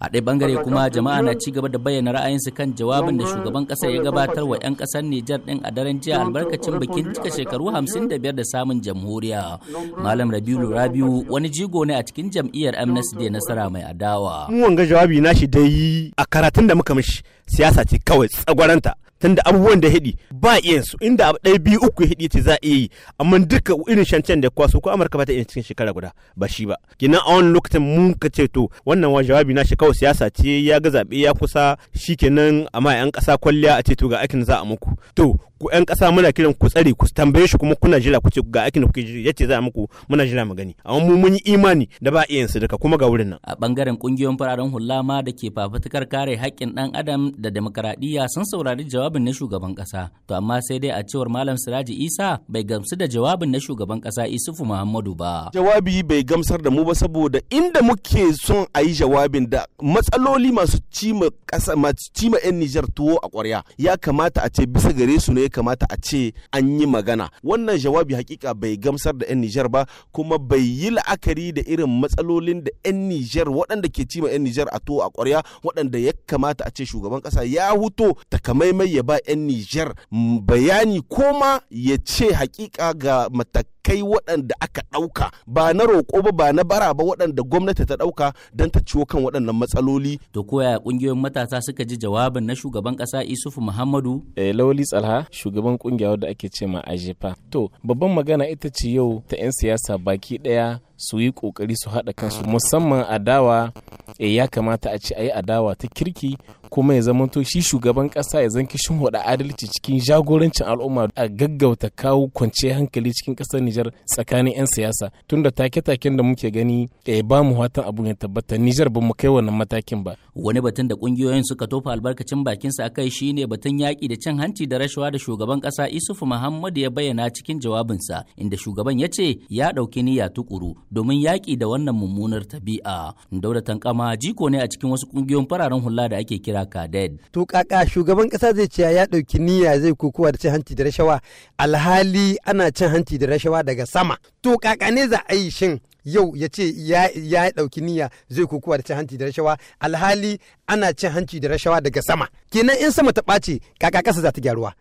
a ɗaya bangare kuma jama'a na ci gaba da bayyana ra'ayinsu kan jawabin da shugaban ƙasa ya gabatar wa 'yan ƙasar Nijar ɗin a daren jiya albarkacin bikin cika shekaru 55 da samun jamhuriya. Malam Rabiu Rabiu wani jigo ne a cikin jam'iyyar Amnesty da nasara mai adawa. Mun wanga jawabi na shi dai a karatun da muka mishi siyasa ce kawai tsagwaranta. tunda abubuwan da hidi ba iyan su inda abu ɗaya biyu uku hidi ce za a iya yi amma duka irin shancen da kwaso ko amurka ba ta iya cikin shekara guda ba shi ba kina a wani lokacin mun ka ce to wannan wa jawabi na shi kawai siyasa ce ya ga zaɓe ya kusa shi kenan amma yan ƙasa kwalliya a ce to ga aikin za a muku to ku yan ƙasa muna kiran ku tsare ku tambaye shi kuma kuna jira ku ce ga aikin da kuke jira yace za a muku muna jira mu gani amma mu mun yi imani da ba iya su duka kuma ga wurin nan a bangaren kungiyoyin fararen hulama da ke fafutukar kare haƙƙin ɗan adam da demokaradiyya sun saurari jawabi jawabin na shugaban kasa to amma sai dai a cewar malam siraji isa bai gamsu da jawabin na shugaban kasa isufu muhammadu ba jawabi bai gamsar da mu ba saboda inda muke son a yi jawabin da matsaloli masu cima kasa masu cima yan nijar tuwo a kwarya ya kamata a ce bisa gare su ne ya kamata a ce an yi magana wannan jawabi hakika bai gamsar da yan nijar ba kuma bai yi la'akari da irin matsalolin da yan nijar waɗanda ke cima yan nijar a tuwo a kwarya waɗanda ya kamata a ce shugaban kasa ya huto takamaimai ya ba 'yan Nijar bayani koma ya ce hakika ga matakai. kai waɗanda aka ɗauka ba na roƙo ba ba na bara ba waɗanda gwamnati ta ɗauka don ta ciwo kan waɗannan matsaloli. To koya ƙungiyoyin matasa suka ji jawabin na shugaban ƙasa Isufu Muhammadu? Eh, Lawali Tsalha shugaban ƙungiya wadda ake ce ma Ajefa. To babban magana ita ce yau ta 'yan siyasa baki ɗaya su yi kokari su haɗa kansu musamman adawa e ya kamata a ce a yi adawa ta kirki kuma ya zamanto shi shugaban ƙasa ya zanki shin adalci cikin jagorancin al'umma a gaggauta kawo kwanciyar hankali cikin ƙasar Nijar Nijar tsakanin 'yan siyasa tunda take-taken da muke gani eh, ba mu watan abu ya tabbata Nijar ba mu kai wannan matakin ba. Wani batun da kungiyoyin suka tofa albarkacin bakin sa kai shine batun yaƙi da cin hanci da rashawa da shugaban ƙasa Isufu Muhammad ya bayyana cikin jawabinsa inda shugaban ya ce ya ɗauki niyya tukuru domin yaƙi da wannan mummunar tabi'a. Daura Tankama jiko ne a cikin wasu kungiyoyin fararen hula da ake kira Kaded. To shugaban ƙasa zai ce ya ɗauki niyya zai kokowa da cin hanci da rashawa alhali ana cin hanci da rashawa daga sama to kakane za a yi shin yau ya ce ya ɗauki niyya zai kokowa da cin hanci da rashawa alhali ana cin hanci da rashawa daga sama kenan in sama ta ɓace kaka ƙasa za ta gyaruwa